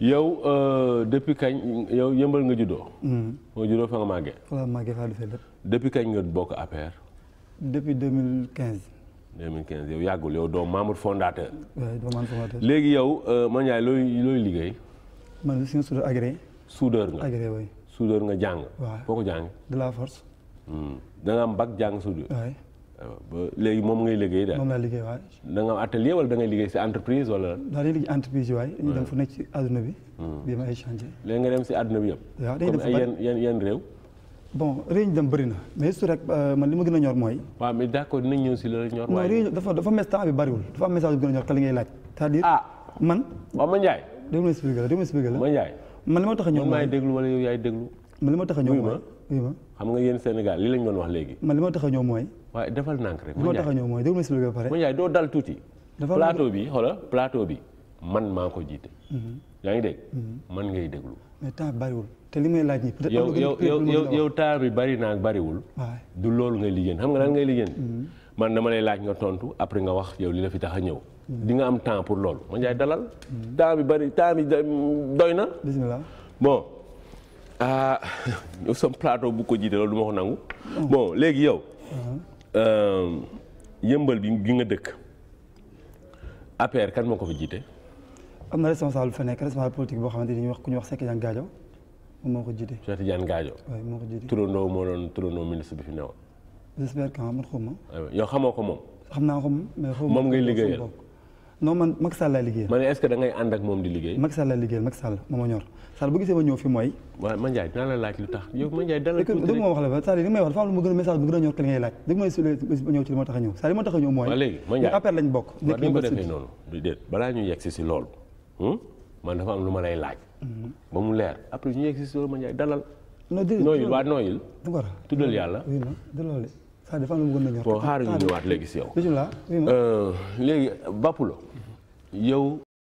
yow euh, depuis kañ yow yëmbal nga juddoo. moo hmm. juddoo fa nga màggee. waaw màggee faa defee kañ nga bokk APR. depuis 2015. 2015 yow yàggul yow doo membre fondateur. doo membre fondateur. léegi yow euh, man yaay looy looy liggéey. man suñu soudeur agréé. soudeur nga agréé waay. soudeur nga jàng. waaw foo ko jàng. de la force. Hmm. da am bag jàng soudeur. ba léegi moom ngay liggéey daal. moom laa liggéey waay. da nga am atelier da ngay liggéey si entreprise wala. daa di liggéey entreprise waay. ñu dem fu nekk ci àdduna bi. bii hmm. ma ay changé. si àdduna bi yëpp. waaw dañuy def ay yan yan yan réew. bëri na mais surtout euh, man li ma gën a ñor mooy. waaw mais d' accord si loolu ñor. waaye non réew dafa dafa mes temps bi bëriwul dafa am message bu gën a ñor te li ngay laaj. c' est ah. man. waaw ma Ndiaye. déglu ma expliqué la déglu ma expliqué la. ma Ndiaye. man li ma tax a ñëw mooy wala yow yaay déglu. man li ma tax a xam nga yéen Sénégal li lañ doon wax léegi. man li ma tax a ñëw mooy. waaye defal nànk rek. li tax a ñëw mooy déglu ma si ba pare. a doo dal tuuti. plateau bi xoolal plateau bi man maa ko jiite. Mhm. yaa ngi dégg. Mhm. man li may laaj nii. peut nga lan ngay liggéey. Mhm. man dama lay laaj nga tontu après nga wax la fi tax a ñëw. di nga am temps pour loolu Mandiaye dalal. temps bi bari temps bi doy na. bismillah bon. ah ñoom sama plateau bu ko jiite loolu du ma ko nangu. bo léegi yow. Euh, yëmbal bi gi nga dëkk. APR kan moo ko fa jiite. am na responsable bu fa nekk responsable politique boo xamante ni ñuy wax ku wax Cheikh Tidiane Gadio moom moo ko jiite. Cheikh Tidiane gaajo waaw moo ko jiite turandoo moo doon turandoo ministre bi fi newoon. j'espère que man xaw ma. yow xamoo ko moom. xam naa ko moom mais xaw ma moom ngay liggéeyal. non man Macky Sall laa liggéeyal. ma ne est-ce ànd ak moom di liggéey. Macky Sall laa liggéeyal Macky Sall moo ma ñor Sall bu gisee ma ñëw fi mooy. waaw man la laaj lu dalal tuuti rek dëgg ma wax la fa cest noonu déet loolu hmm? ça dafa am lu mu gën a ñor. bon xaaral ñu léegi si yow. bisimilah. Euh, léegi Bapulo yow